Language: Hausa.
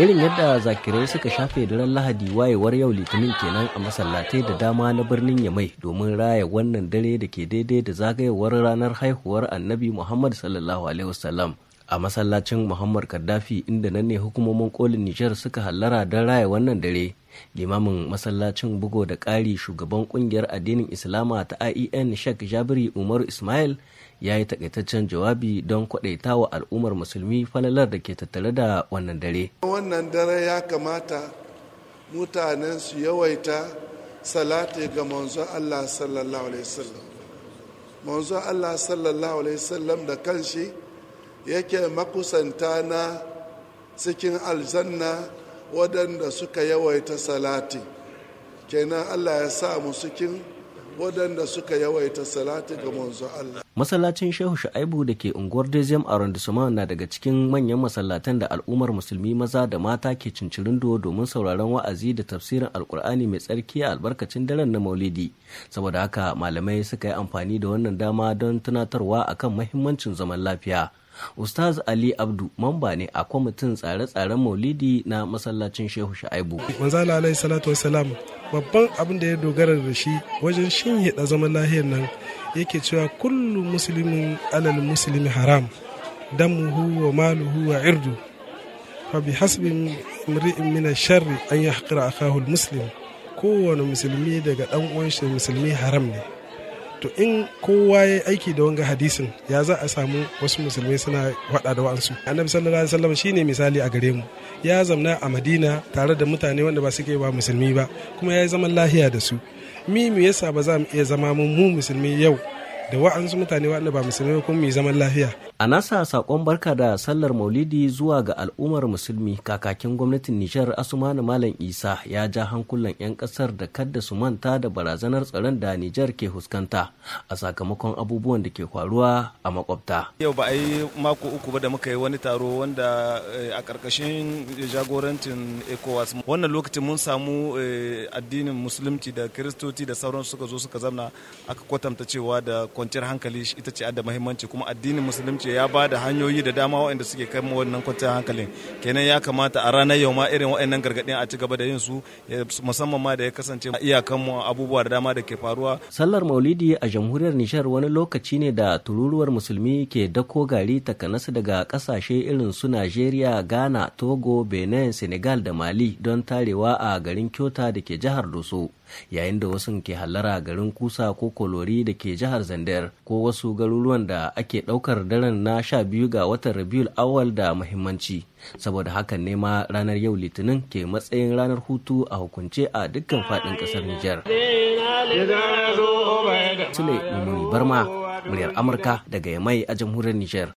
irin yadda zakirai suka shafe daren lahadi wayewar yau litinin kenan a masallatai da dama na birnin yamai domin raya wannan dare da ke daidai da zagayewar ranar haihuwar annabi muhammad sallallahu alaihi wasallam a masallacin muhammad kaddafi inda nan ne hukumomin kolin nijar suka hallara don raya wannan dare limamin masallacin bugo da ƙari shugaban kungiyar addinin islama ta ien sheikh jabiri umaru ismail ya yi takaitaccen jawabi don kwaɗaita wa al'ummar musulmi falalar da ke tattare da wannan dare wannan dare ya kamata mutanen su yawaita salati ga manzon allah sallallahu alaihi wasallam manzon allah sallallahu alaihi wasallam da kanshi yake makusanta na cikin aljanna waɗanda suka yawaita salati kenan allah ya sa mu cikin waɗanda suka yawaita salati ga manzo allah masallacin shehu sha'aibu da ke unguwar dezem a rondisoma na daga cikin manyan masallatan da al'ummar musulmi maza da mata ke cincirin duwa domin sauraron wa'azi da tafsirin alkur'ani mai tsarki a albarkacin daren na maulidi saboda haka malamai suka yi amfani da wannan dama don tunatarwa akan mahimmancin zaman lafiya Ustaz Ali Abdu mamba ne a kwamitin tsare-tsaren Maulidi na masallacin Shehu Shaibu. Manzo Alayhi salatu salatu wassalam babban abin da ya dogara da shi wajen shinhiɗa zaman lahiyar nan yake cewa kullu musulmin alal musulmi haram damuhu wa maluhu wa irdu fa bi hasbi imri'in min sharri an yahqira akahu al-muslim kowane musulmi daga dan uwan shi musulmi haram ne to in kowa ya aiki da wanga hadisin ya za a samu wasu musulmai suna wada da wa'ansu annabi sallallahu alaihi wasallam shine misali a gare mu ya zamna a madina tare da mutane wanda ba suke ba musulmi ba kuma ya yi zaman lahiya da su mi mu yasa ba za mu iya zama mu musulmi yau da wa'ansu mutane wanda ba musulmi ba kuma mu zaman lafiya A nasa saƙon barka da sallar maulidi zuwa ga al'ummar musulmi kakakin gwamnatin Nijar Asumani Malam Isa ya ja hankulan 'yan ƙasar da kadda su manta da barazanar tsaron da Nijar ke huskanta a sakamakon abubuwan da ke faruwa a makwabta. Yau ba a yi mako uku ba da muka yi wani taro wanda eh, a ƙarƙashin jagorancin ECOWAS. Wannan lokacin mun samu eh, addinin musulunci da kiristoci da sauran suka zo suka zamna aka kwatanta cewa da kwanciyar hankali ita ce da muhimmanci kuma addinin musulunci saboda ya ba da hanyoyi da dama waɗanda suke kai wannan kwanciyar hankalin kenan ya kamata a ranar yau ma irin waɗannan gargaɗin a ci gaba da yin su musamman ma da ya kasance mu abubuwa da dama da ke faruwa. Sallar Maulidi a jamhuriyar Nishar wani lokaci ne da tururuwar musulmi ke dako gari takanasu daga ƙasashe irin su Najeriya, Ghana, Togo, Benin, Senegal da Mali don tarewa a garin Kyota da ke jihar Doso. yayin da wasu ke hallara garin kusa ko kolori da ke jihar zandar ko wasu garuruwan da ake ɗaukar daren na sha biyu ga watan rabiul awal da muhimmanci saboda hakan ne ma ranar yau litinin ke matsayin ranar hutu a hukunce a dukkan fadin ƙasar nijar sule mummuni barma muryar amurka daga yamai a jamhuriyar nijar